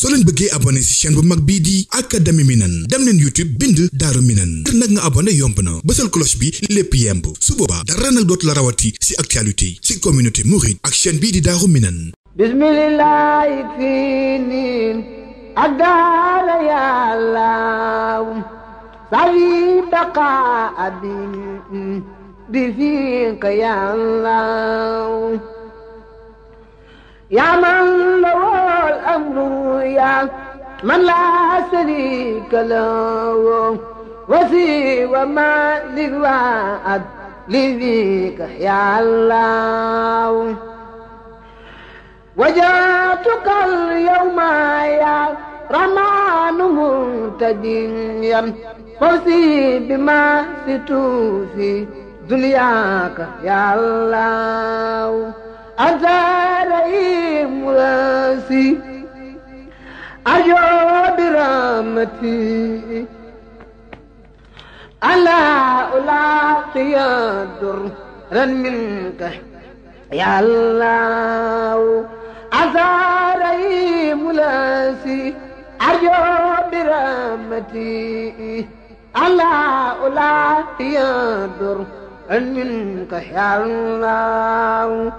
soo leen bëggee abone ci chaîne bu mag bii di académie Minane dem leen YouTube bind Daaru Minane ngir nag nga abonné yomb na bësal cloche bi lépp yemb su boobaa dara nag dootu la rawati si actualité ci communauté ak chaîne bii di Daaru Minane bismillahi fii ak daara yàllaw sari baqa abin bi fiq yàllaw يا من له الأمر يا من لا شريك له وسوى ما للوعد لذيك يا الله وجاتك اليوم يا رمان منتديا فوزي بما ستوفي دنياك يا الله أزاري مراسي أجو برامتي ألا ألاقي درا منك يا الله أزاري ملاسي أجو برامتي ألا ألاقي درا منك يا الله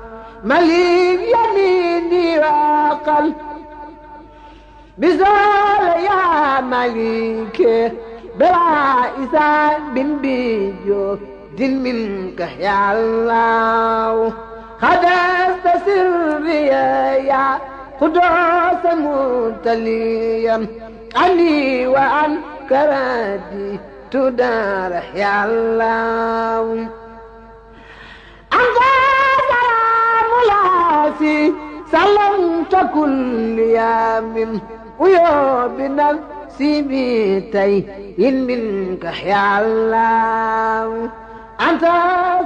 مليم يميني وقل بزول يا مليك بلا إسان بن بيجو دين منك يا الله خدست سري يا قدوس متليا عني وعن كرادي تدار يا الله نفسي سلمت كل يوم ويا بنفسي بيتي إن منك يا الله أنت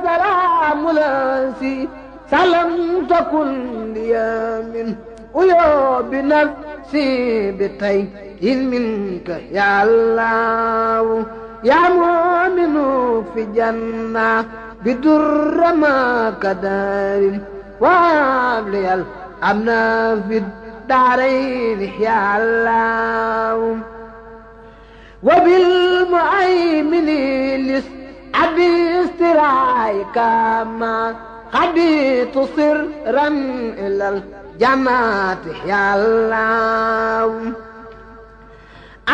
سلام لاسي سلمت كل يوم ويا بنفسي بيتي إن منك يا الله يا مؤمن في جنة بدر ما كدار وابلي الأمن في الدارين يا الله وبالمؤمن لس أبي استرايك ما قبيت سرا إلى الجماعة يا الله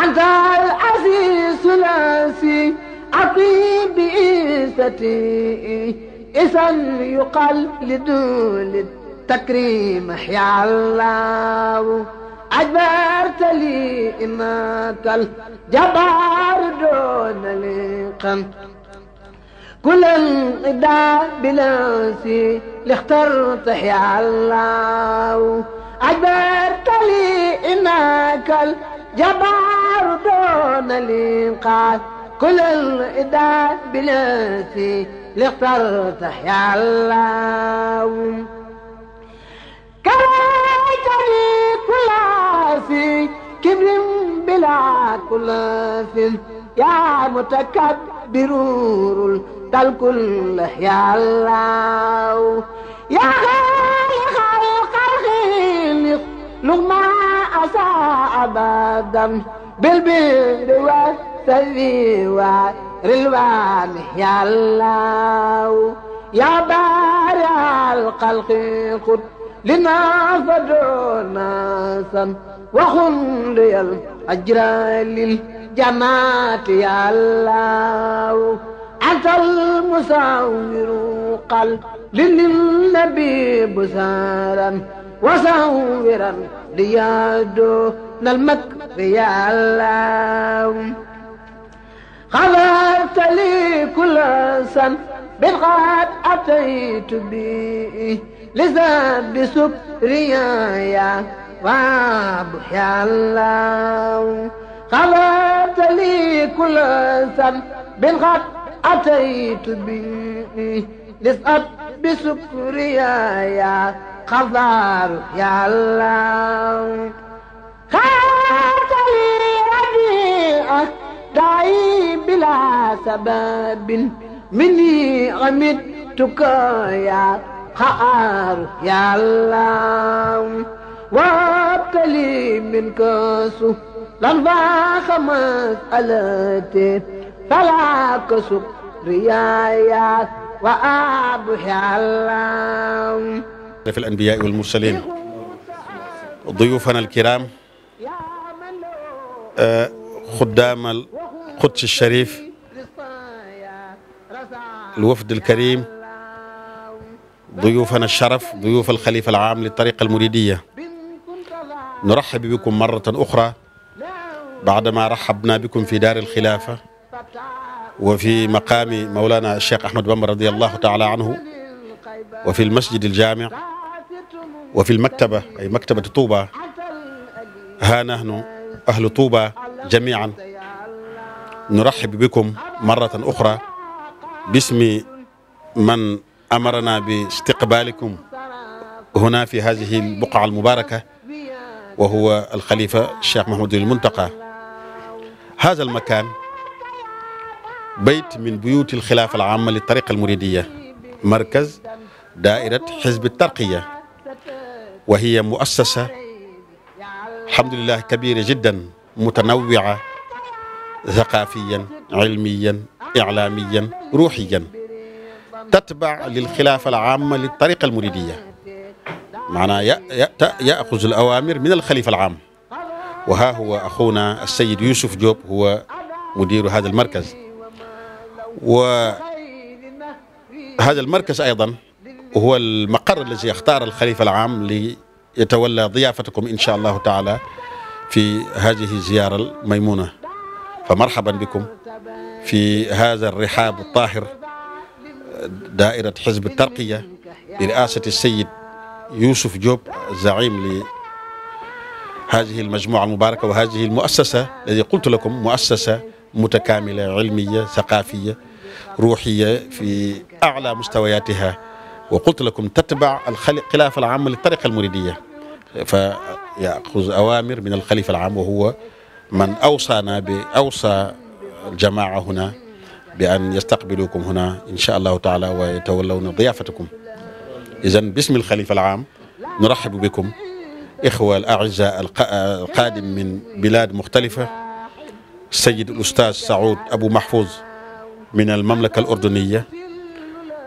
أنت العزيز الأسي أطيب إيستي إذا يقال لدول التكريم يا الله أجبرت لي إماك الجبار دون لقم كل انقضاء بلاسي لاخترت يا الله أجبرت لي إنك الجبار دون لقم كل الإداء بلاسي li اخترته يا الله كرهتني كل في كبر بلا كل في يا متكبر تل كل يا الله يا خالق الخلق لما أساء أبدا بالبر والسلوى rilwaani yaa laaw yaa baari alxalqi xut li naa fa doonaasan waxundiyal ajralil janaati yaa laaw antal qal li lil nabi busaaran wasawiran liyaadoo nal makri yaa laaw خلعت لي كل سن بالغاد أتيت بي لزاد بسكريا وابح يا الله خلعت لي كل سن بالغاد أتيت بي لزاد بسكريا خضار يا الله خلعت لي ربيعك داعي بلا سبب مني عمدتك يا خار يا الله وابتلي منك سهلا فاخ مسألتي فلا كسب ريايا وأبح الله في الأنبياء والمرسلين ضيوفنا الكرام أه خدام القدس الشريف الوفد الكريم ضيوفنا الشرف ضيوف الخليفة العام للطريقة المريدية نرحب بكم مرة أخرى بعدما رحبنا بكم في دار الخلافة وفي مقام مولانا الشيخ أحمد بن رضي الله تعالى عنه وفي المسجد الجامع وفي المكتبة أي مكتبة طوبة ها نحن أهل طوبة جميعا نرحب بكم مرة أخرى باسم من أمرنا باستقبالكم هنا في هذه البقعة المباركة وهو الخليفة الشيخ محمود المنتقى هذا المكان بيت من بيوت الخلافة العامة للطريقة المريدية مركز دائرة حزب الترقية وهي مؤسسة الحمد لله كبيرة جداً mutanawia thaqaafiyan ilmiyan iclaamiyan ruuxiyan tatbaa lilxilaafa alaama li tariqa almuridiya maanaam ya yaaxuzu alawaamir min alxalifa alaam wa haa huwa axuuna asayid Youssouf Diop huwa mudiru hada almarkaz wa hada almarkaz aydan huwa almaqar allazi ixtaara alxalifa alaam li yatawalla diyaafatakum insha allahu taala fi hadihi ziyaara al maymuna fa marhaban bikum fi hada arrihaab tahir dairat xizb tarqiya li riasati sayid Youssouf Diop zaim li hadihi almajmuca almubaraka wa hadihi almuassasa allati qultu lakum muassasa mutakaamila cilmiya saqaafiya ruuxiya fi aclaa mustawayatiha wa qultu lakum tatbac alxilaafa alcaama li tariqa almuridiya fa yaxuz awamir min alxalifa alaam wa huwa man awsaana bi awsa aljamaa huna bi an yastaqbilukum huna insha allahu taala wa yatawallawna diyaafatakum idan bismi alxalifa alaam nuraxibu bikum ixwa alaacizaa alqaadim min bilaad muxtalifa sayid alustaz saoud abu mahfouz min almamlaka alordoniya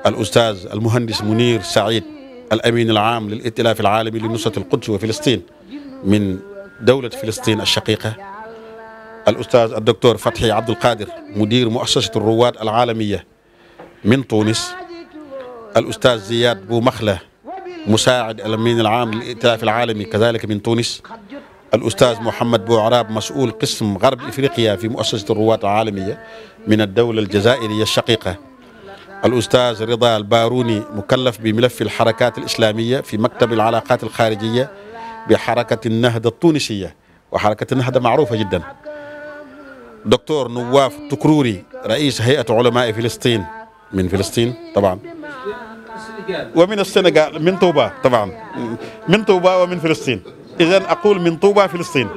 alustaz almuhandis munir saïd al amin al aam lil ittilaaf al aalami li nusrat al quds wa filistin min dawlat filistin al shaqiqa al ustaaz al docteur Fathi Abdoul Qadir mudir muassasatu ruwaad al aalamiya min Tunis al ustaaz Ziyad Bou Makhla musaacid al amin al aam lil ittilaaf al aalami kazaalika min Tunis al ustaaz Mouhamed Bou Arab mas'uul qism garb Ifriqiya fi muassasati ruwaad al aalamiya min ad dawla al jazaairiya al shaqiqa الأستاذ رضا الباروني مكلف بملف الحركات الإسلامية في مكتب العلاقات الخارجية بحركة النهضة التونسية وحركة النهضة معروفة جدا دكتور نواف تكروري رئيس هيئة علماء فلسطين من فلسطين طبعا ومن السنغال من طوبة طبعا من طوبة ومن فلسطين إذا أقول من طوبة فلسطين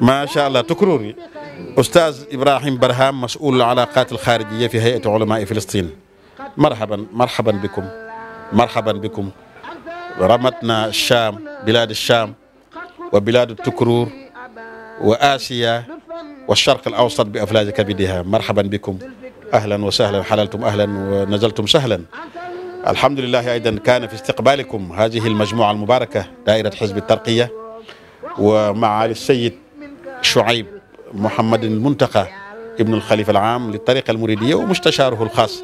ما شاء الله تكروري Oustaz Ibrahim Barham mas'uul alaaqaat alxaarijiya fi hay'ati ulamaa Filistiin marhaban marhaban bikum marhaban bikum ramatna Shaam bilaad Shaam wa bilaad Tukruur wa Aasiya wa Sharq al-Awsat bi aflaaji kabidihaa marhaban bikum ahlan wa sahlan halaltum ahlan wa nazaltum sahlan alhamdulillahi aydan kaana fi istiqbaalikum haadihi al-majmuuca al-mubaaraka daa'iratu Hizbi Tarqiya wa macaali Sayyid Shuayb محمد المنتقى ابن الخليفة العام للطريقة المريدية ومستشاره الخاص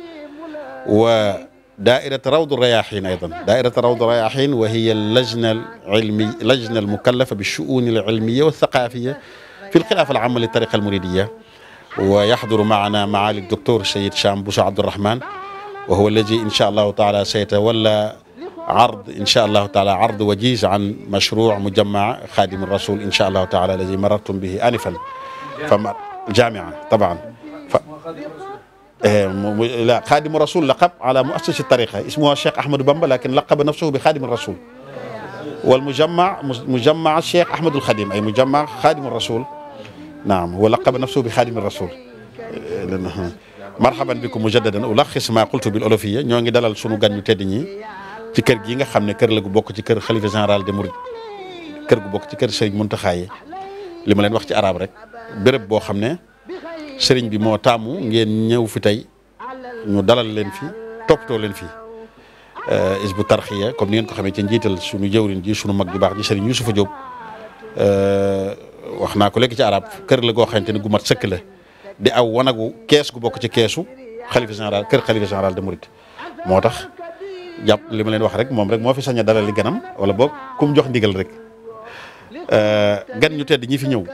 ودائرة روض الرياحين أيضا دائرة روض الرياحين وهي اللجنة العلمية اللجنة المكلفة بالشؤون العلمية والثقافية في الخلافة العامة للطريقة المريدية ويحضر معنا معالي الدكتور سيد شام بوسى عبد الرحمن وهو الذي إن شاء الله تعالى سيتولى عرض إن شاء الله تعالى عرض وجيز عن مشروع مجمع خادم الرسول إن شاء الله تعالى الذي مررتم به آنفا فما جامعة طبعا ف... لا خادم الرسول لقب على مؤسس الطريقة اسمه الشيخ أحمد بامبا لكن لقب نفسه بخادم الرسول والمجمع مجمع الشيخ أحمد الخديم أي مجمع خادم الرسول نعم هو لقب نفسه بخادم الرسول مرحبا بكم مجددا ألخص ما قلت بالألوفية ñoo ngi dalal sunu gan ñu tedd ñi ci kër gi nga xam ne kër la gu bokk ci kër xalifa général des mourides kër gu bokk ci kër Serigne Mountakha yi li ma leen wax ci arab rek bërëb boo xam ne sëriñ bi moo taamu ngeen ñëw fi tey ñu dalal leen fi toppatoo leen fi euh, bu tarxiya comme ni ngeen ko xamee ci njiital suñu jëwrin ji suñu mag ju baax ji sëriñ Yusufa Jóob euh, wax naa ko léegi ci arab kër la goo xamante ni gu mat sëkk la di aw wanagu kees gu bokk ci keesu xalifa général kër xalifa général de Mouride moo tax jàpp li ma leen wax rek moom rek moo fi sañ a dalal li ganam wala boog kum jox ndigal rek euh, gan ñu tedd ñi fi ñëw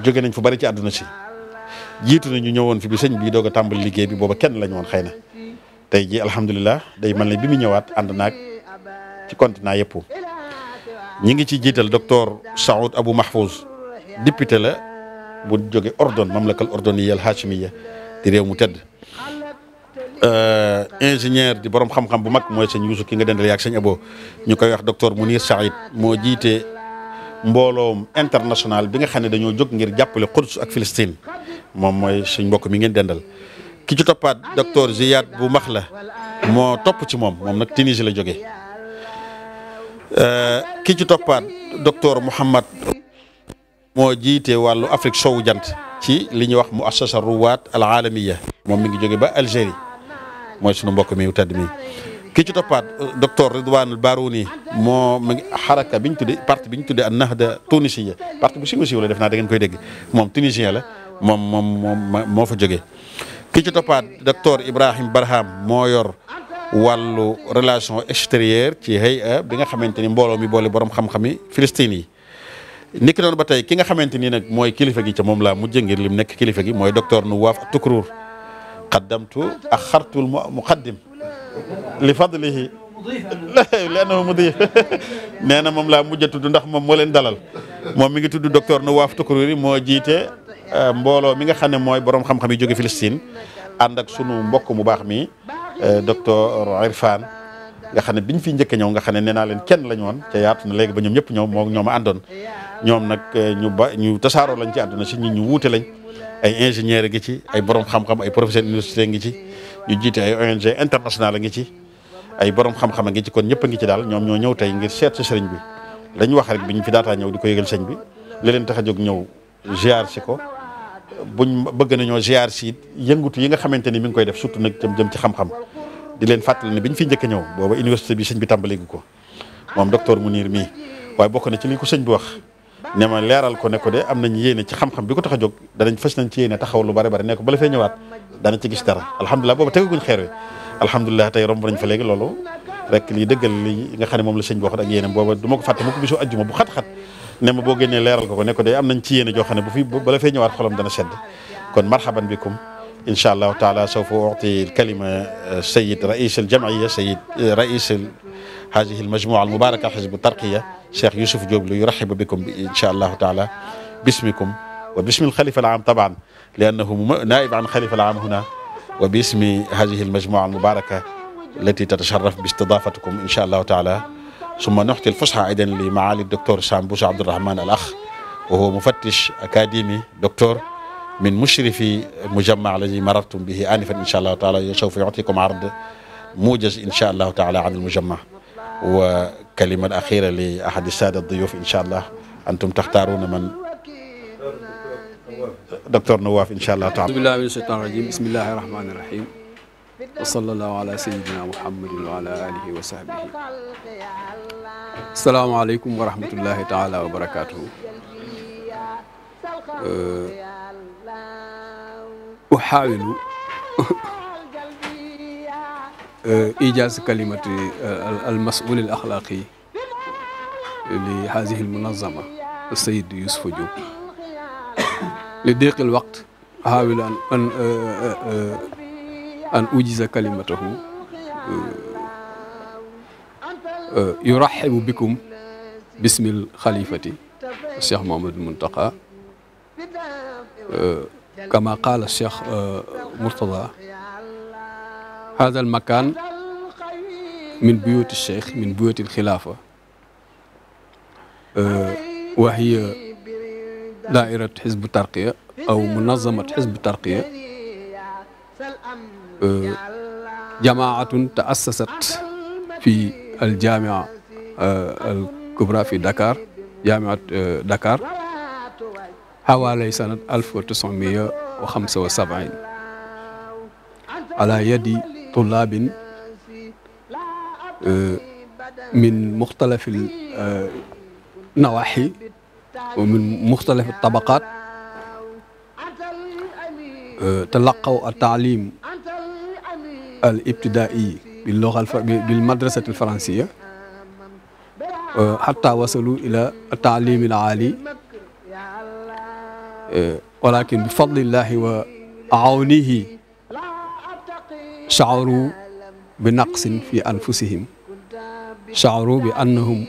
jóge nañ fu bari ci àdduna si jiitu na ñu ñëwoon fi bi señ bi doog a liggéey bi booba kenn lañ woon xay na tey ji alhamdulilah day mel ne bi mu ñëwaat ànd naag ci continent yëpp ñu ngi ci jiital docteur Saoud Abou Mahfouz député la bu jóge Ordon mamlakal ordoniyya al hachimiya di réew mu tedd euh, ingénieur di borom xam-xam bu mag mooy sëñ Yuusu ki nga dendal yaag sëñ Abo ñu koy wax docteur Mounir Saïd moo jiite. mbooloom international bi nga xam ne dañoo jóg ngir jàppale Quds ak Palestine moom mooy suñ mbokk mi ngeen dendal ki ci toppaat docteur Ziyad bu max la moo topp ci moom moom nag Tunisie la jógee euh, ki ci toppaat docteur Mouhamad moo jiite wàllu Afrique sowu jant ci li ñuy wax mu assasa ruwaat al moom mi ngi jóge ba Algérie mooy suñu mbokk mi tedd mi ki ci toppaat euh, docteur Ridwanul Barouni moo mu ngi xaraka bi ñu tuddee parti bi ñu tuddee an nahda tunisiyya parti bu siiw siiw la def naa da ngeen koy dégg moom tunisien la moom moom moom moo fa joge ki ci toppaat docteur Ibrahim Barham moo yor wàllu relation extérieure ci hay'a bi nga xamante ni mbooloo mi boole borom xam-xami Filistin yi. niki noonu ba tey ki nga xamante ni nag mooy kilifa gi ca moom laa mujj ngir lim nekk kilifa gi mooy nu docteur Nuwaaf Tukruur tu ak xartul muqaddim li fadlihi lenn mu di nee na moom laa mujj tudd ndax moom moo leen dalal moom mi ngi tudd docteur Nawaaf Tukururi moo jiite euh, mbooloo mi nga xam ne mooy borom xam-xam yi jóge Filistin ànd ak sunu mbokk mu baax mi euh, docteur Irfan nga xam ne biñ fi njëkk ñëw nga xam ne nee leen kenn lañu woon ca yaatu na léegi ba ñoom ñëpp ñoom moo ñoom a àndoon ñoom nag euh, ñu ba ñu tasaaroo lañ ci àdduna si nit ñu wuute lañ ay ingénieur ngi ci ay borom xam-xam ay professeur université ngi ci ñu jiite ay ONG international ngi ci ay borom xam-xam a ngi ci kon ñëpp a ngi ci daal ñoom ñoo ñëw tey ngir seet si sëriñ bi dañ wax rek biñ fi daataa ñëw di ko yëgal sëñ bi li te tax a jóg ñëw si ko buñ bëgg nañoo ziar si yëngutu yi xamante ni mi ngi koy def surtout nag jëm jëm ci xam-xam di leen fàttali ne bi ñu fi njëkk ñëw booba université bi sëñ bi tàmbaleegu ko moom docteur Mounir mii waaye bokk na ci li ko ne leeral ko ne ko de am nañ yéene ci xam-xam ko tax a jóg danañ fas nañ ci yéene taxaw lu bari bari ne ko bala fee ñëwaat dana ci gis dara alhamdulilah booba tegaguñ xeer lii la sëñ bi waxoon ak yéene booba du ma ko fàtte ma ko bisu bu xat ne ma boo génnee leeral ko ko de am nañ ci yéene joo xam ne bu fi bala fee ñëwaat xolam dana sedd kon marhaban bikum incha allahu taala sawfa uti kalima eh, sayid rais aljamia sayid eh, rais hadihi almajmua almubaraka xizbu tarqiya cheikh Youssouf Diop lu yuraxibu bikum incha allahu taala bismikum wa bismi alxalifa alaam taban liannahu naib an xalifa alaam huna wa bismi hadihi almajmua almubaraka التي تتشرف باستضافتكم إن شاء الله تعالى ثم نعطي الفسحة أيضا لمعالي الدكتور سامبوس عبد الرحمن الأخ وهو مفتش أكاديمي دكتور min mushrifi mujamma alladi marartum bihi anifan incha allahu taala sawfa yu'tikum ard mujaz incha allahu taala an almujamma wa kalima al-akhira li ahadi saada duyuf incha allah antum taxtaaruna man docteur Nawaaf incha allahu taala. billahi min shaytani rajim bismillahi rahmani rahim wa sallallahu ala sayyidina muhammadin wa ala alihi wa sahbihi. asalaamaaleykum wa rahmatullahi taala wa barakaatuhu. أحاول إيجاز كلمة المسؤول الأخلاقي لهذه المنظمة السيد يوسف جوب لضيق الوقت أحاول أن أن أن أوجز كلمته يرحب بكم باسم الخليفة الشيخ محمد المنتقى كما قال الشيخ مرتضى هذا المكان من بيوت الشيخ من بيوت الخلافة وهي دائرة حزب الترقية أو منظمة حزب الترقية جماعة تأسست في الجامعة الكبرى في دكار جامعة دكار حوالي سنة 1975 على يد طلاب من مختلف النواحي ومن مختلف الطبقات تلقوا التعليم الابتدائي باللغة بالمدرسة الفرنسية حتى وصلوا إلى التعليم العالي walakin bi fadlillahi wa awnihi shaaru bi naqsin fi anfusihim shaaru bi annahum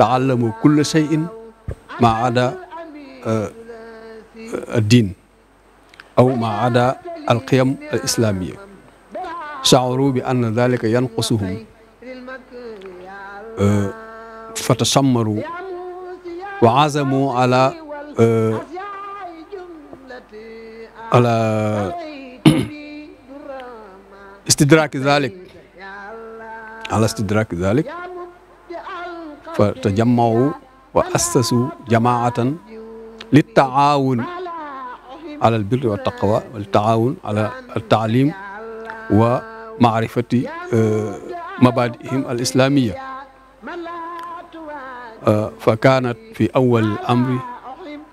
taallamu kulla cheyin ma ada diin aw ma ada alqiyam al islamia shaaru bi anna dalika yanqusuhum fa tasammaru wa azamu ala على استدراك ذلك على استدراك ذلك فتجمعوا وأسسوا جماعة للتعاون على البر والتقوى والتعاون على التعليم ومعرفة مبادئهم الإسلامية فكانت في أول الأمر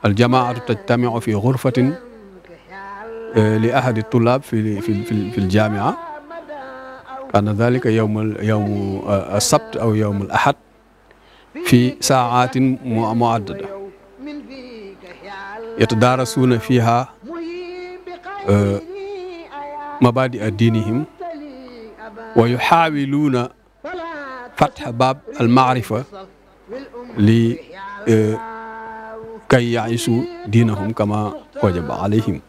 الجماعة تجتمع في غرفة li ahadi tullaab fi fi fi ljamia kaana dalika yowmal yowmu sabt aw yowmal ahad fi saatin muaddada yatadaarasuuna fiha mabadi a diinihim wa yuxaawiluuna fatxa baab almaarifa li kay yaisu diinahum kama wajaba alayhim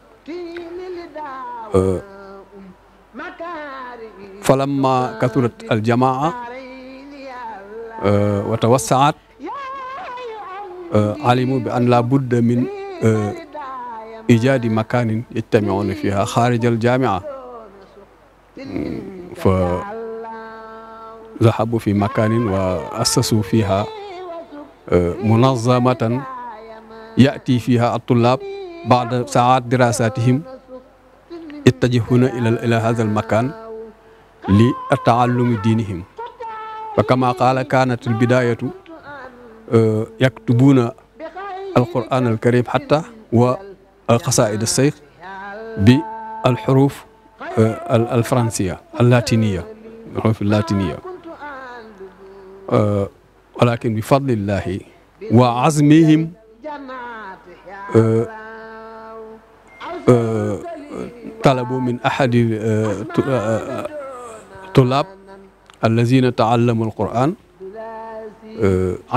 falamma kasurat aljamaa euh, wa tawassaat euh, alimu bi an la budda min euh, ijaadi makanin yajtamiuna fiha xaarij aljaamia hmm, fa zahabu fi makanin wa assasu fiha munazamatan yati fiha attullaab baada saat dirasatihim ittajihuuna ila ila hadha al makan li taallumi diinihim fa kama qaala kaanat uh, uh, al bidayatu yaktubuuna al quran al karim xatta wa qasaid al seyx bi al xuruf al fransiya al latiniya al xuruf al latiniya walakin bi fadlillahi wa azmihim uh, talabu min ahadi tulaab allazina taallamu alquran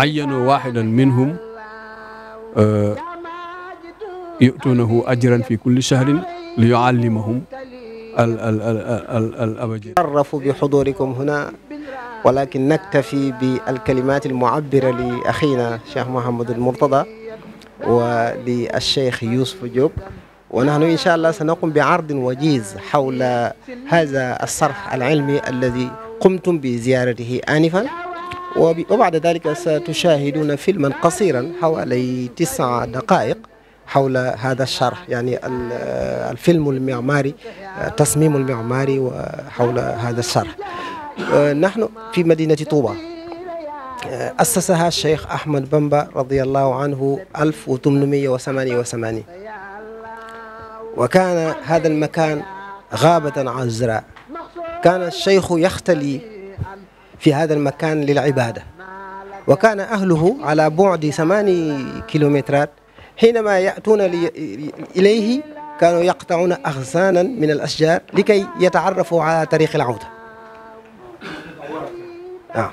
ayanu waxidan minhum yutuunahu ajran fi kulli shahrin li yuallimahum al al al al al abajad arrafu bi xudurikum huna walakin naktafi bi alkalimat almuabira li axina cheikh Mouhamadul Mourtada wa li alcheikh Youssouf Diop ونحن إن شاء الله سنقوم بعرض وجيز حول هذا الصرح العلمي الذي قمتم بزيارته آنفا وبعد ذلك ستشاهدون فيلما قصيرا حوالي تسع دقائق حول هذا الشرح يعني الفيلم المعماري التصميم المعماري وحول هذا الشرح نحن في مدينة طوبة أسسها الشيخ أحمد بمبا رضي الله عنه 1888 وكان هذا المكان غابة عذراء كان الشيخ يختلي في هذا المكان للعبادة وكان أهله على بعد ثماني كيلومترات حينما يأتون إليه كانوا يقطعون أغصانا من الأشجار لكي يتعرفوا على طريق العودة آه.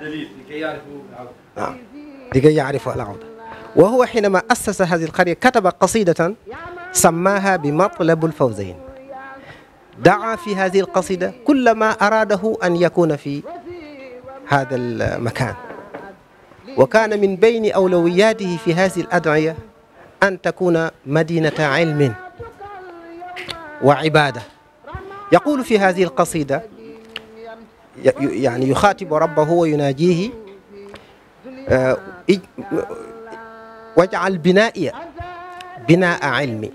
دليل لكي يعرفوا العودة آه. لكي يعرفوا العودة وهو حينما أسس هذه القرية كتب قصيدة سماها بمطلب الفوزين دعا في هذه القصيدة كل ما أراده أن يكون في هذا المكان وكان من بين أولوياته في هذه الأدعية أن تكون مدينة علم وعبادة يقول في هذه القصيدة يعني يخاطب ربه ويناجيه واجعل بنائي بناء علمي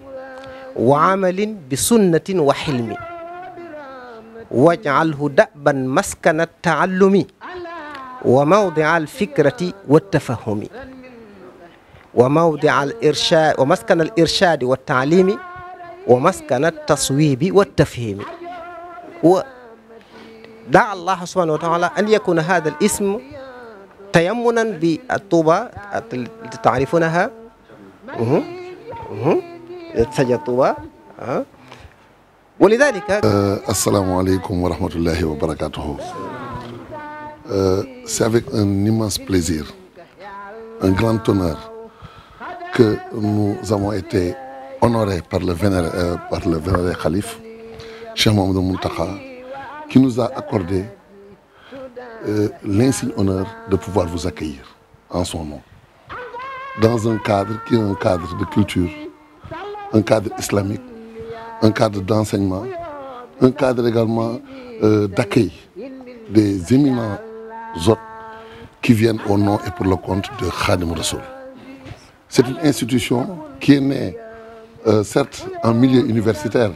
wa amalin bi sunnatin wa xilmi wajcalhu daban maskana taallumi wa mawdia alfikrati waltafahumi wa mawdia al irshaad wa maskana al irshaadi wa taalimi wa maskana taswibi wa tafhimi wa daa allah subhanahu wa taala an yakuna hada al ism tayammunan bi tuuba taarifunaha saña Touba ah wali dalika asalaamaaleykum wa rahmatullahi wa barakatuhu c'est avec un immense plaisir un grand honneur que nous avons été honorés par le vénéré euh, par le vénéré khalife Cheikh Mamadou Mountakha qui nous a accordé euh, l'insigne honneur de pouvoir vous accueillir en son nom dans un cadre qui est un cadre de culture un cadre islamique, un cadre d'enseignement, un cadre également euh, d'accueil des éminents hôtes qui viennent au nom et pour le compte de Khadim Rassoul. C'est une institution qui est née, euh, certes, en milieu universitaire.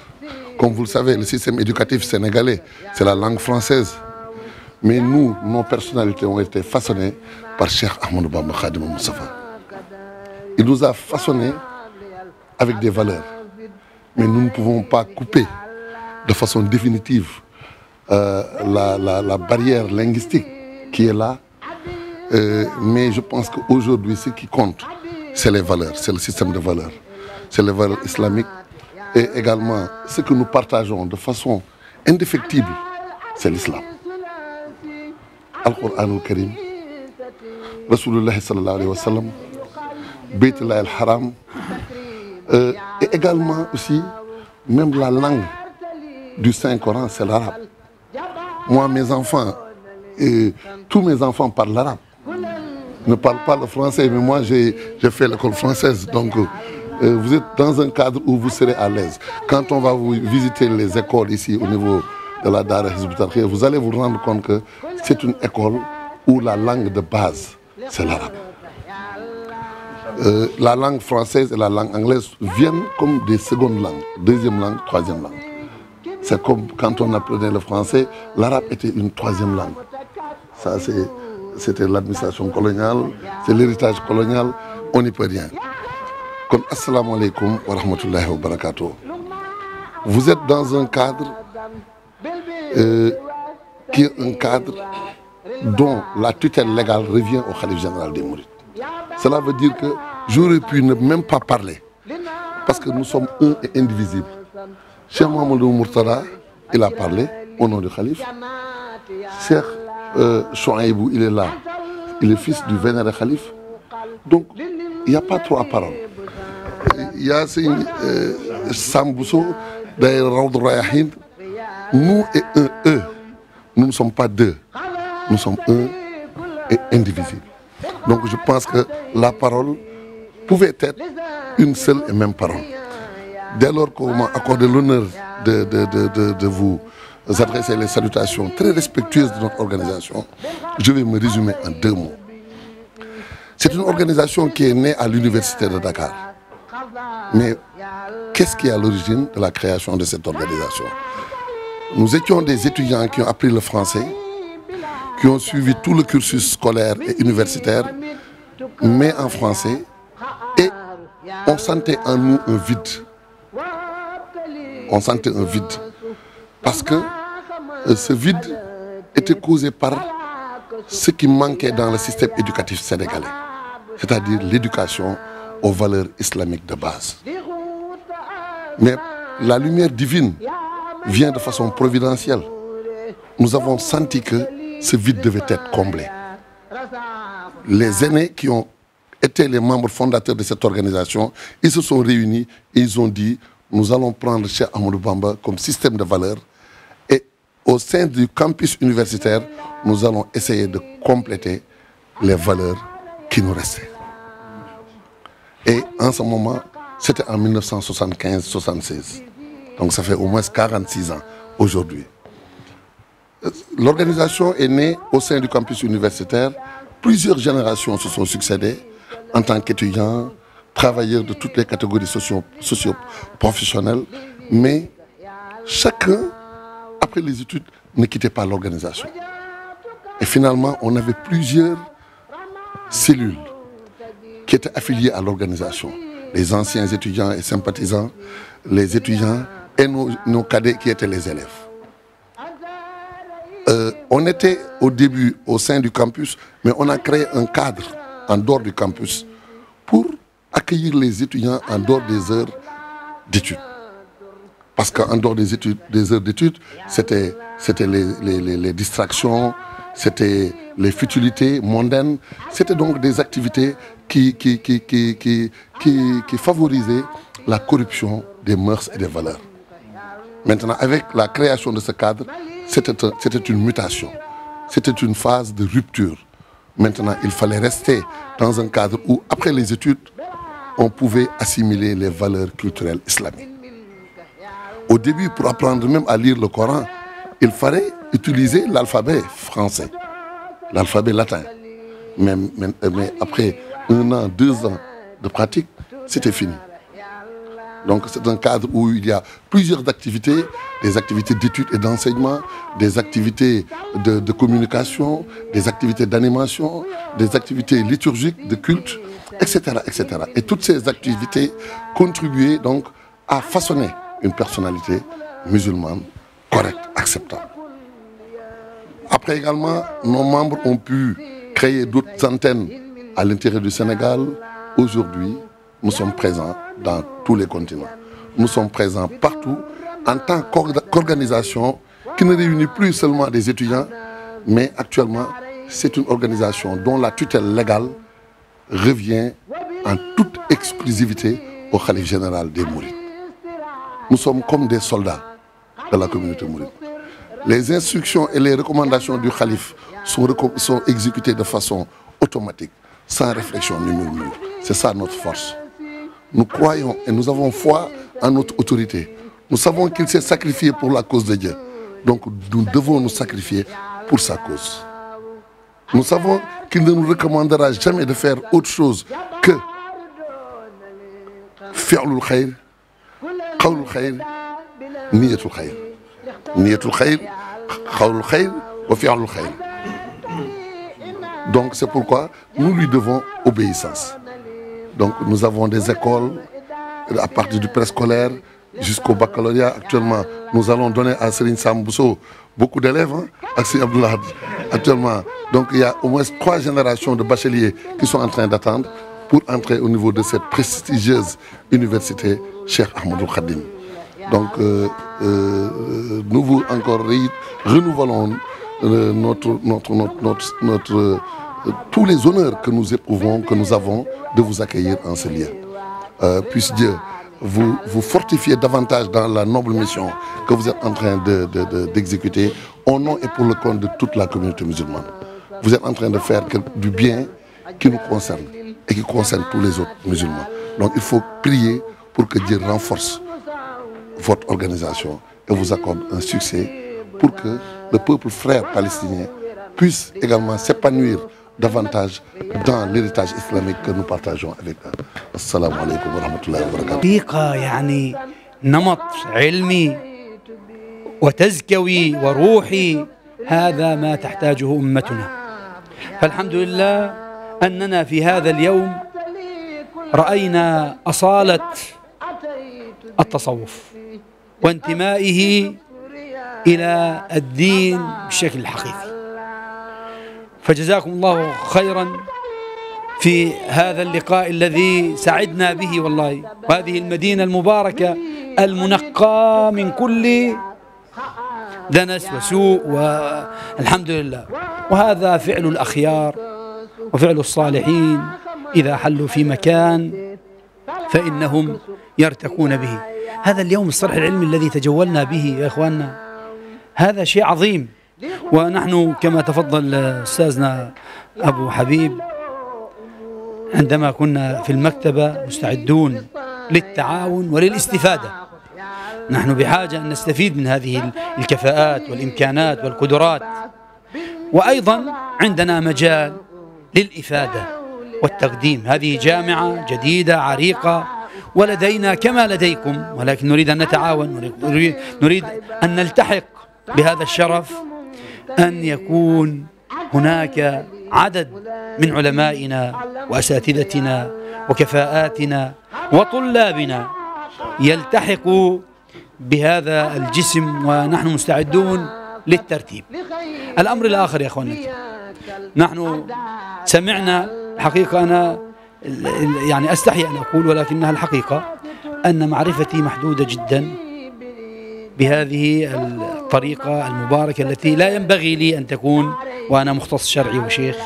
Comme vous le savez, le système éducatif sénégalais, c'est la langue française. Mais nous, nos personnalités ont été façonnées par Cheikh Ahmadou Bamba Khadim Moussafa. Il nous a façonnés avec des valeurs. Mais nous ne pouvons pas couper de façon définitive euh, la, la, la, barrière linguistique qui est là. Euh, mais je pense qu'aujourd'hui, ce qui compte, c'est les valeurs, c'est le système de valeurs. C'est les valeurs islamiques et également ce que nous partageons de façon indéfectible, c'est l'islam. Al-Qur'an al-Karim, Rasulullah sallallahu alayhi wa sallam, Bayt al-Haram, Euh, également aussi, même la langue du Saint-Coran, c'est l'arabe. Moi, mes enfants, et tous mes enfants parlent l'arabe. Ne parlent pas le français, mais moi, j'ai fait l'école française. Donc, euh, vous êtes dans un cadre où vous serez à l'aise. Quand on va vous visiter les écoles ici au niveau de la Dara vous allez vous rendre compte que c'est une école où la langue de base, c'est l'arabe. Euh, la langue française et la langue anglaise viennent comme des secondes langues, deuxième langue, troisième langue. C'est comme quand on apprenait le français, l'arabe était une troisième langue. Ça, c'était l'administration coloniale, c'est l'héritage colonial, on n'y peut rien. Comme Assalamu alaikum wa rahmatullahi wa barakatuh. Vous êtes dans un cadre euh, qui est un cadre dont la tutelle légale revient au Khalif général des Mourides. Cela veut dire que j'aurais pu ne même pas parler. Parce que nous sommes un et indivisibles. Cheikh Mamadou Mourtada, il a parlé au nom du calife. Cheikh euh, Chouaïbou, il est là. Il est fils du vénéré calife. Donc, il n'y a pas trois paroles. Il y a euh, Nous et eux. Nous ne sommes pas deux. Nous sommes un et Donc je pense que la parole pouvait être une seule et même parole. Dès lors qu'on m'a accordé l'honneur de, de, de, de, vous adresser les salutations très respectueuses de notre organisation, je vais me résumer en deux mots. C'est une organisation qui est née à l'Université de Dakar. Mais qu'est-ce qui est à l'origine de la création de cette organisation Nous étions des étudiants qui ont appris le français qui ont suivi tout le cursus scolaire et universitaire, mais en français, et on sentait en nous un vide. On sentait un vide. Parce que euh, ce vide était causé par ce qui manquait dans le système éducatif sénégalais, c'est-à-dire l'éducation aux valeurs islamiques de base. Mais la lumière divine vient de façon providentielle. Nous avons senti que ce vide devait être comblé. Les aînés qui ont les membres fondateurs de cette organisation, ils se sont réunis et ils ont dit, nous comme système de valeur et au sein du campus universitaire, nous allons essayer de compléter les valeurs qui nous restaient. Et en ce moment, c'était en 1975-76. Donc ça fait au moins 46 ans aujourd'hui. L'organisation est née au sein du campus universitaire. Plusieurs générations se sont succédées en tant qu'étudiants, travailleurs de toutes les catégories socio-professionnelles, mais chacun, après les études, ne quittait pas l'organisation. Et finalement, on avait plusieurs cellules qui étaient affiliées à l'organisation. Les anciens étudiants et sympathisants, les étudiants et nos, nos cadets qui étaient les élèves. Euh, on était au début au sein du campus, mais on a créé un cadre en dehors du campus pour accueillir les étudiants en dehors des heures d'études. Parce qu'en dehors des, études, des heures d'études, c'était les, les, les, distractions, c'était les futilités mondaines, c'était donc des activités qui, qui, qui, qui, qui favorisaient la corruption des mœurs et des valeurs. Maintenant, avec la création de ce cadre, C'était une mutation. C'était une phase de rupture. Maintenant, il fallait rester dans un cadre où, après les études, on pouvait assimiler les valeurs culturelles islamiques. Au début, pour apprendre même à lire le Coran, il fallait utiliser l'alphabet français, l'alphabet latin. Mais, mais, mais après un an, deux ans de pratique, c'était fini. Donc c'est un cadre où il y a plusieurs activités, des activités d'études et d'enseignement, des activités de, communication, des activités d'animation, des activités liturgiques, de culte, etc., etc. Et toutes ces activités contribuent donc à façonner une personnalité musulmane correcte, acceptable. Après également, nos membres ont pu créer d'autres antennes à l'intérieur du Sénégal. Aujourd'hui, nous sommes présents dans tous les continents. Nous sommes présents partout en tant qu'organisation qui ne réunit plus seulement des étudiants, mais actuellement, c'est une organisation dont la tutelle légale revient en toute exclusivité au Khalif général des Mourides. Nous sommes comme des soldats de la communauté mouride. Les instructions et les recommandations du Khalif sont, sont exécutées de façon automatique, sans réflexion ni murmure. C'est ça notre force. Nous croyons et nous avons foi en notre autorité. Nous savons qu'il s'est sacrifié pour la cause de Dieu. Donc nous devons nous sacrifier pour sa cause. Nous savons qu'il ne nous recommandera jamais de faire autre chose que fi'lul khayr, qawlul khayr, niyatul khayr. Niyatul khayr, qawlul khayr wa fi'lul Donc c'est pourquoi nous lui devons obéissance. Donc nous avons des écoles à partir du préscolaire jusqu'au baccalauréat actuellement. Nous allons donner à Serine Sambousso beaucoup d'élèves, hein, à Abdoulad actuellement. Donc il y a au moins trois générations de bacheliers qui sont en train d'attendre pour entrer au niveau de cette prestigieuse université, Cheikh Ahmadou Khadim. Donc euh, euh, euh, nous vous encore renouvelons euh, notre, notre tous les honneurs que nous éprouvons, que nous avons de vous accueillir en ce lieu. Euh, puisse Dieu vous, vous fortifier davantage dans la noble mission que vous êtes en train d'exécuter de, de, de au nom et pour le compte de toute la communauté musulmane. Vous êtes en train de faire du bien qui nous concerne et qui concerne tous les autres musulmans. Donc il faut prier pour que Dieu renforce votre organisation et vous accorde un succès pour que le peuple frère palestinien puisse également s'épanouir davantage dans l'héritage islamique que nous partageons avec eux. Assalamu alaikum wa rahmatullahi wa barakatuh. طريقة يعني نمط علمي وتزكوي وروحي هذا ما تحتاجه أمتنا فالحمد لله أننا في هذا اليوم رأينا أصالة التصوف وانتمائه إلى الدين بشكل حقيقي فجزاكم الله خيرا في هذا اللقاء الذي سعدنا به والله وهذه المدينة المباركة المنقى من كل دنس وسوء والحمد لله وهذا فعل الأخيار وفعل الصالحين إذا حلوا في مكان فإنهم يرتقون به هذا اليوم الصرح العلمي الذي تجولنا به يا إخواننا هذا شيء عظيم ونحن كما تفضل أستاذنا أبو حبيب عندما كنا في المكتبة مستعدون للتعاون وللاستفادة نحن بحاجة أن نستفيد من هذه الكفاءات والإمكانات والقدرات وأيضا عندنا مجال للإفادة والتقديم هذه جامعة جديدة عريقة ولدينا كما لديكم ولكن نريد أن نتعاون نريد, نريد أن نلتحق بهذا الشرف أن يكون هناك عدد من علمائنا وأساتذتنا وكفاءاتنا وطلابنا يلتحقوا بهذا الجسم ونحن مستعدون للترتيب الأمر الآخر يا أخواني نحن سمعنا حقيقة أنا يعني أستحي أن أقول ولكنها الحقيقة أن معرفتي محدودة جدا بهذه الطريقة المباركة التي لا ينبغي لي أن تكون وأنا مختص شرعي وشيخ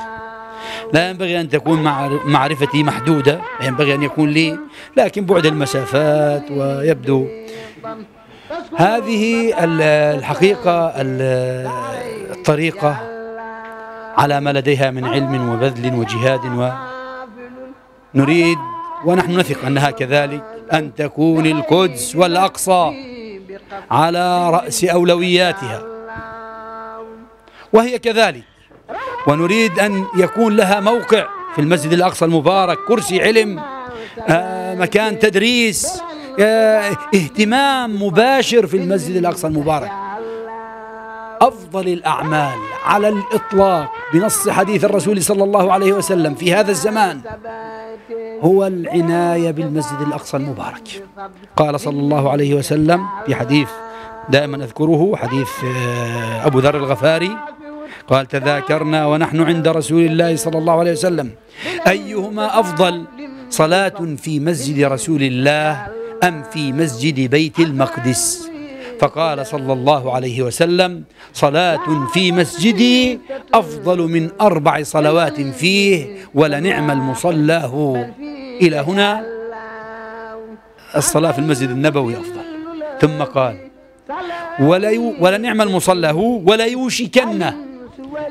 لا ينبغي أن تكون معرفتي محدودة ينبغي أن يكون لي لكن بعد المسافات ويبدو هذه الحقيقة الطريقة على ما لديها من علم وبذل وجهاد ونريد ونحن نثق أنها كذلك أن تكون القدس والأقصى على رأس أولوياتها وهي كذلك ونريد أن يكون لها موقع في المسجد الأقصى المبارك كرسي علم مكان تدريس اهتمام مباشر في المسجد الأقصى المبارك أفضل الأعمال على الإطلاق بنص حديث الرسول صلى الله عليه وسلم في هذا الزمان هو العناية بالمسجد الأقصى المبارك قال صلى الله عليه وسلم في حديث دائما أذكره حديث أبو ذر الغفاري قال تذاكرنا ونحن عند رسول الله صلى الله عليه وسلم أيهما أفضل صلاة في مسجد رسول الله أم في مسجد بيت المقدس فقال صلى الله عليه وسلم صلاة في مسجدي أفضل من أربع صلوات فيه ولنعم المصلاه إلى هنا الصلاة في المسجد النبوي أفضل ثم قال ولا ولنعم المصلى هو ولا يوشكن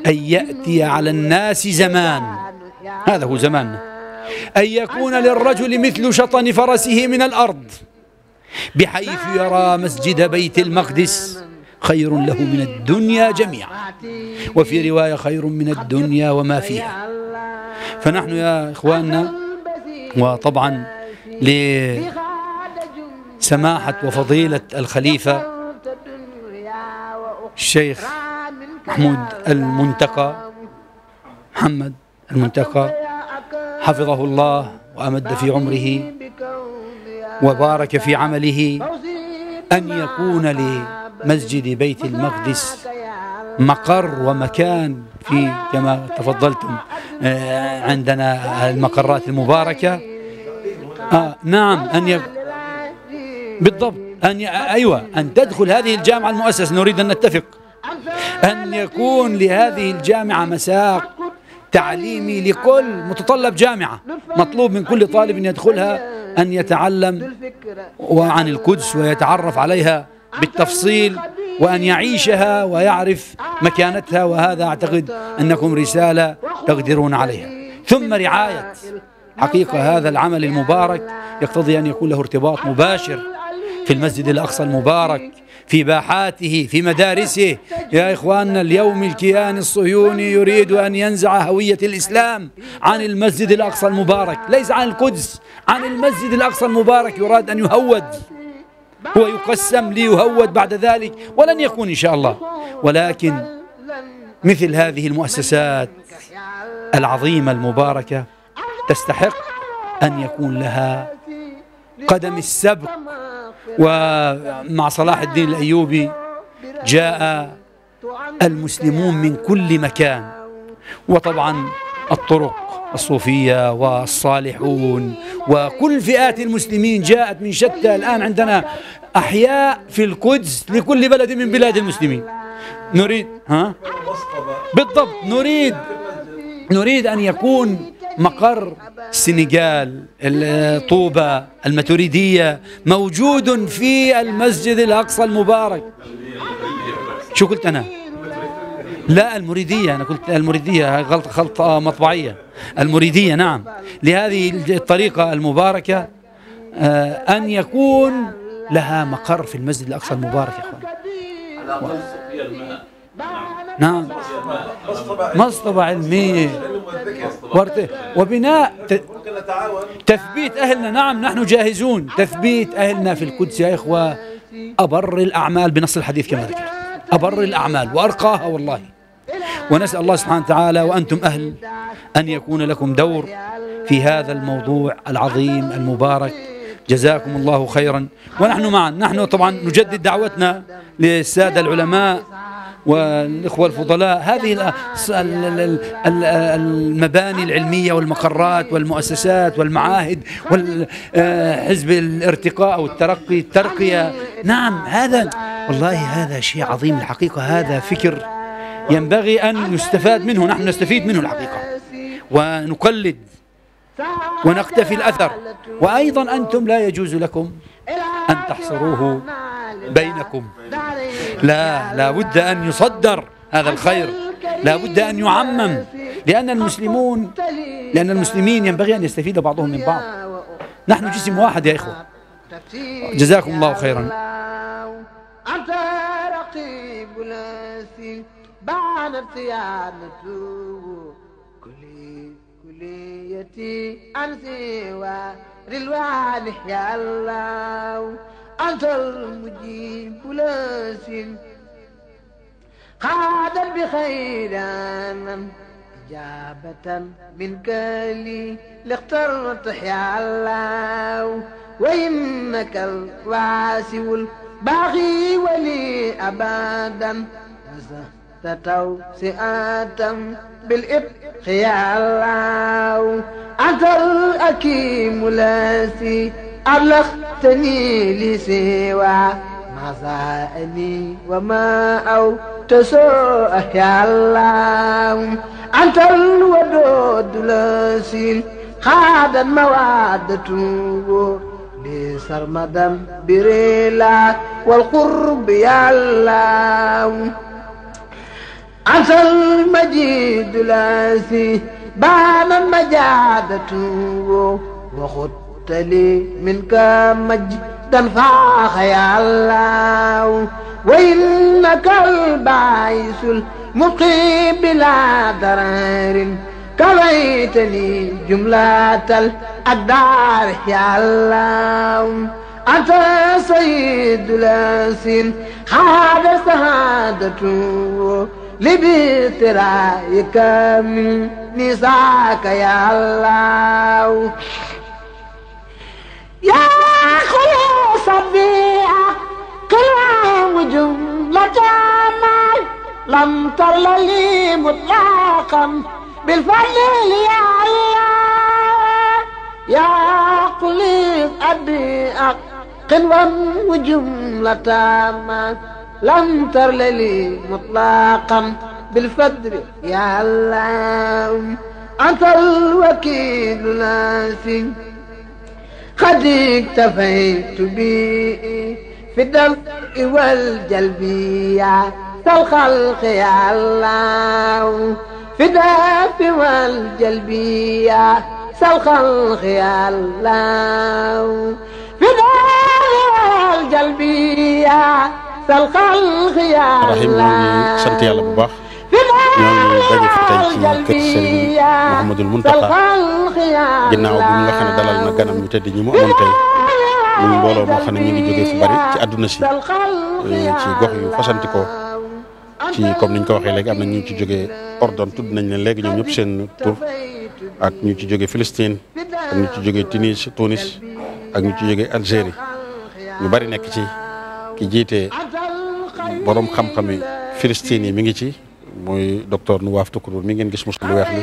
أن يأتي على الناس زمان هذا هو زماننا أن يكون للرجل مثل شطن فرسه من الأرض بحيث يرى مسجد بيت المقدس خير له من الدنيا جميعا وفي رواية خير من الدنيا وما فيها فنحن يا إخواننا وطبعا لسماحة وفضيلة الخليفة الشيخ محمود المنتقى محمد المنتقى حفظه الله وأمد في عمره وبارك في عمله أن يكون لمسجد بيت المقدس مقر ومكان في كما تفضلتم عندنا المقرات المباركة آه نعم أن ي... بالضبط أن ي... أيوة أن تدخل هذه الجامعة المؤسسة نريد أن نتفق أن يكون لهذه الجامعة مساق تعليمي لكل متطلب جامعة مطلوب من كل طالب أن يدخلها أن يتعلم وعن القدس ويتعرف عليها بالتفصيل وأن يعيشها ويعرف مكانتها وهذا أعتقد أنكم رسالة تقدرون عليها ثم رعاية حقيقة هذا العمل المبارك يقتضي أن يكون له ارتباط مباشر في المسجد الأقصى المبارك في باحاته في مدارسه يا إخواننا اليوم الكيان الصهيوني يريد أن ينزع هوية الإسلام عن المسجد الأقصى المبارك ليس عن القدس عن المسجد الأقصى المبارك يراد أن يهود هو يقسم ليهود بعد ذلك ولن يكون إن شاء الله ولكن مثل هذه المؤسسات العظيمة المباركة تستحق أن يكون لها قدم السبق ومع صلاح الدين الأيوبي جاء المسلمون من كل مكان وطبعا الطرق الصوفية والصالحون وكل فئات المسلمين جاءت من شتى الآن عندنا أحياء في القدس لكل بلد من بلاد المسلمين نريد ها بالضبط نريد نريد أن يكون مقر السنغال طوبة الماتوريدية موجود في المسجد الأقصى المبارك شو قلت أنا لا المريدية أنا قلت المريدية غلط خلطة مطبعية المريدية نعم لهذه الطريقة المباركة أن يكون لها مقر في المسجد الأقصى المبارك يا أخوان نعم مصطبة علمية وبناء تثبيت أهلنا نعم نحن جاهزون تثبيت أهلنا في القدس يا إخوة أبر الأعمال بنص الحديث كما ذكرت أبر الأعمال وأرقاها والله ونسأل الله سبحانه وتعالى وأنتم أهل أن يكون لكم دور في هذا الموضوع العظيم المبارك جزاكم الله خيرا ونحن معا نحن طبعا نجدد دعوتنا للسادة العلماء والإخوة الفضلاء هذه المباني العلمية والمقرات والمؤسسات والمعاهد والحزب الارتقاء أو الترقي الترقية نعم هذا والله هذا شيء عظيم الحقيقة هذا فكر ينبغي أن يستفاد منه نحن نستفيد منه الحقيقة ونقلد ونقتفي الأثر وأيضا أنتم لا يجوز لكم أن تحصروه بينكم لا لا بد أن يصدر هذا الخير لا بد أن يعمم لأن المسلمون لأن المسلمين ينبغي أن يستفيد بعضهم من بعض نحن جسم واحد يا إخوة جزاكم الله خيرا أنت رقيب ناسي بعد ارتيانته كلي كليتي أنسي ورلوان يا الله أنت المجيب لاسم قادا بخيرا إجابة منك لي لاخترت يا الله وإنك الواسع الباغي ولي أبدا نزهت توسئة بالإبق يا الله أنت الأكيم لاسي أبلغتني لسوى مظائني وما أو تسوء يا الله أنت الودود لسين قاد الموادة لسرمدا بريلا والقرب يا الله أنت المجيد لسي بان المجادة وخد لي منك مجدا فاخ يا الله وإنك الباعث المقيم بلا ضرر كويتني جملة الأدار يا الله أنت سيد لاسين هذا سهادته لبترايك من نساك يا الله يا خلوص البيئة كلام وجملة ما لم تر لي مطلقا بالفضل يا الله يا قليل أبيئك قلوا وجملة ما لم تر لي مطلقا بالفضل يا الله أنت الوكيل ناسي قد اكتفيت بي في الدفء والجلبية كالخلق يا الله في الدفء والجلبية كالخلق يا الله في الدفء والجلبية كالخلق يا الله رحيم sant yàlla bu baax ñoo ngi daje fi tey ci kër Serigne Mouhamadul Mountakha ginnaaw bi nga xam ne dalal na ganam ñu tedd ñi mu amoon tey muy mbooloo moo xam ne ñu ngi jógee fu bari ci àdduna si ci gox yu fasantikoo ci comme niñ ko waxee léegi am na ñu ci jógee ordon tudd nañ leen léegi ñoom ñëpp seen tur ak ñu ci jógee Palestine ak ñu ci jógee Tunis Tunis ak ñu ci jógee Algérie ñu bari nekk ci ki jiite boroom xam-xami Palestine yi mi ngi ci. mooy muy docteur Nouwaaf Toucourou mi ngeen gis mu lu weex li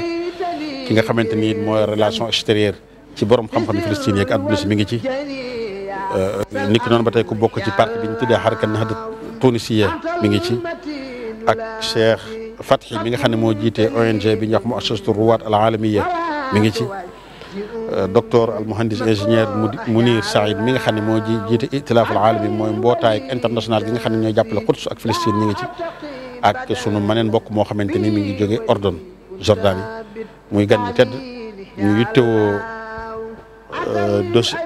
ki nga xamante ni mooy relation extérieure ci borom xam-xam Palestine yeeg àdduna si mi ngi ci. Euh, nit ki noonu ba tey ku bokk ci parti bi ñu tuddee Haraka Nahda Tunisiyya mi ngi ci ak Cheikh Fathi mi nga xam ne moo jiite ONG bi ñuy wax Muassasatu Ruwaat al Aalamiya mi ngi ci. Euh, docteur al muhandis ingénieur Munir Saïd mi nga xam ne moo ji jiite itilaaf al aalami mooy mbootaay international gi nga xam ne ñooy jàppale Quds ak Palestine mi ngi ci. ak sunu maneen mbokk moo xamante ni mi ngi jóge Ordon Jordanie muy gan ñu tedd ñu yittewoo euh, dossier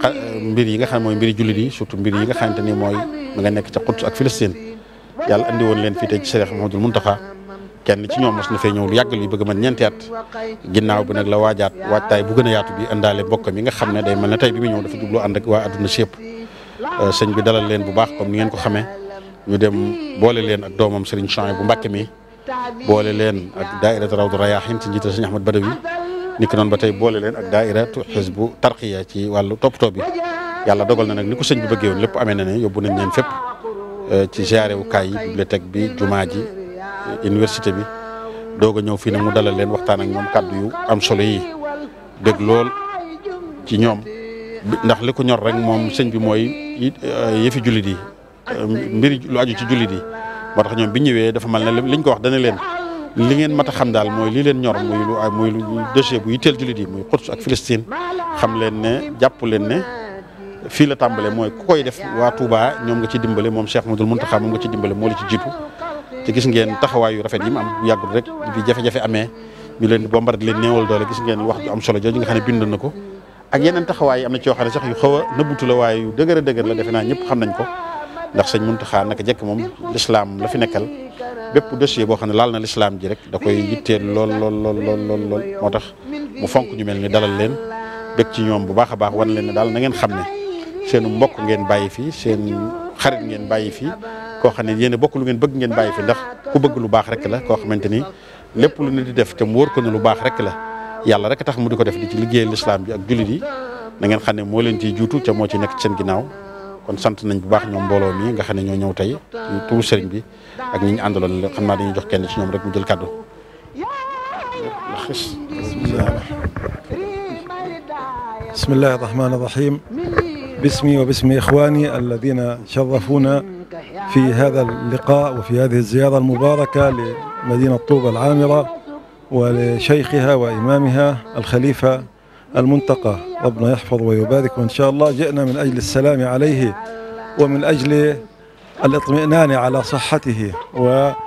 mbir yi nga xam mooy mbiri jullit yi surtout mbir yi nga xamante ni mooy ma nga nekk ca Quds ak Palestine yàlla andi woon leen fii tey ci Cheikh Mouhamadoul Mountakha kenn ci ñoom mos na fee ñëw lu yàgg li bëgg man ñeenti at ginnaaw bu nag la waajaat waajtaay bu gën a yaatu bi indaale mbokkam mi nga xam ne day mel ne tey bi mu ñëw dafa jublu ànd waa àdduna sépp euh, sëñ bi dalal leen bu baax comme ni ngeen ko xamee ñu dem boole leen ak doomam sëriñ Chouaïb bu Mbàkke mi boole leen ak daairatu Rawdu Rayaahin ci njiital sëriñ Ahmad Badawi ni ki noonu ba tey boole leen ak daairatu bu Tarqiya ci wàllu toppatoo yi yàlla dogal na nag ni ko sëñ bi bëggee woon lépp amee na ne yóbbu nañ leen fépp eh, ci ziyaare wukaay yi bibliothèque bi jumaa ji université bi doog a ñëw fii nag mu dalal leen waxtaan ak moom kàddu yu am solo yi dégg lool ci ñoom ndax li ko ñor rek moom sëñ bi mooy eh, yëfi jullit yi Euh, mbiri lu aju ci jullit yi moo tax ñoom bi ñëwee dafa mel ne liñ ko wax dana leen li ngeen mat a xam daal mooy lii leen ñor muy lu ah, muy lu dossier bu yitteel jullit yi muy Quds ak Palestine xam leen ne jàpp leen ne fii la tàmbale mooy ku koy def waa Touba ñoom nga ci dimbale moom Cheikh Mamadou Mountakha moom nga ci dimbale moo la ci jiitu te gis ngeen taxawaayu rafet yi am yàggul rek bi jafe-jafe amee ñu leen di bombardé leen néewal doole gis ngeen wax ju am solo jooju nga xam ne bind na ko ak yeneen taxawaay yi am na ne sax yu xaw a nëbbutu la waaye yu dëgër a la defe ñëpp xam nañ ko ndax sañ sëñ Muntaxa naka jekk moom lislaam la fi nekkal bépp dossier boo xam ne laal na lislaam ji rek da koy yitteel lool lool lool lool lool lool moo tax mu fonk ñu mel ni dalal leen bég ci ñoom bu baax a baax wan leen ne daal na ngeen xam ne seenu mbokk ngeen bàyyi fii seen xarit ngeen bàyyi fii koo xam ne yéen bokk lu ngeen bëgg ngeen bàyyi fi ndax ku bëgg lu baax rek la koo xamante ni lépp lu nit di def te mu wóor ko ne lu baax rek la yàlla rek tax mu di ko def di ci liggéeyal lislaam bi ak jullit xam ne moo leen ciy juutu ca moo ci nekk seen ginnaaw kon sant nañ bu baax ñoom mbooloo mi nga xam ne ñoo ñëw tey tuur sëriñ bi ak ñi ñu àndaloon xam naa dañuy jox kenn ci ñoom rek mu jël kàddu bismillahi rahmaani rahim باسمي وباسم إخواني الذين شرفونا في هذا اللقاء وفي هذه الزيارة المباركة لمدينة طوبى العامرة ولشيخها وإمامها الخليفة المنتقى ربنا يحفظ ويبارك وإن شاء الله جئنا من أجل السلام عليه ومن أجل الاطمئنان على صحته وشكره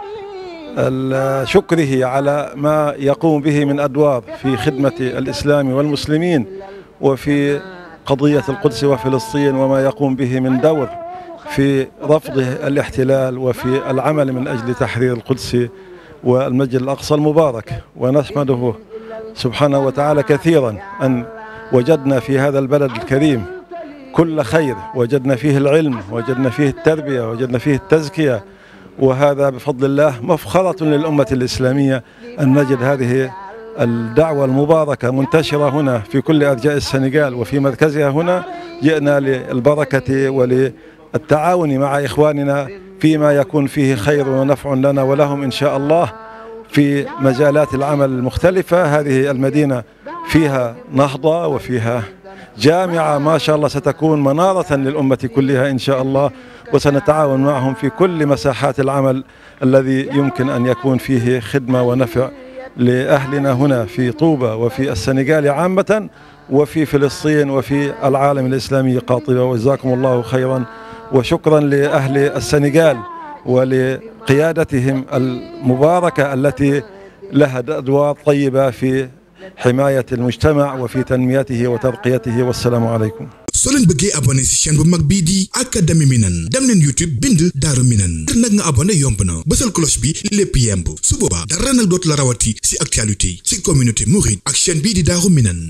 على ما يقوم به من أدوار في خدمة الإسلام والمسلمين وفي قضية القدس وفلسطين وما يقوم به من دور في رفض الاحتلال وفي العمل من أجل تحرير القدس والمسجد الأقصى المبارك ونحمده سبحانه وتعالى كثيرا أن وجدنا في هذا البلد الكريم كل خير وجدنا فيه العلم وجدنا فيه التربية وجدنا فيه التزكية وهذا بفضل الله مفخرة للأمة الإسلامية أن نجد هذه الدعوة المباركة منتشرة هنا في كل أرجاء السنغال وفي مركزها هنا جئنا للبركة وللتعاون مع إخواننا فيما يكون فيه خير ونفع لنا ولهم إن شاء الله في مجالات العمل المختلفة هذه المدينة فيها نهضة وفيها جامعة ما شاء الله ستكون منارة للأمة كلها إن شاء الله وسنتعاون معهم في كل مساحات العمل الذي يمكن أن يكون فيه خدمة ونفع لأهلنا هنا في طوبة وفي السنغال عامة وفي فلسطين وفي العالم الإسلامي قاطبة وجزاكم الله خيرا وشكرا لأهل السنغال ول قيادتهم المباركة التي لها أدوار طيبة في حماية المجتمع وفي تنميته وترقيته والسلام عليكم soo leen bëggee abonné ci chaîne bu mag bii di académie Minane dem leen YouTube bind Daaru Minane dër nag nga abonné yomb na bësal cloche bi lépp yemb su boobaa dara nag dootu la rawati ci actualité ci communauté mouride ak chaîne bii di Daaru Minane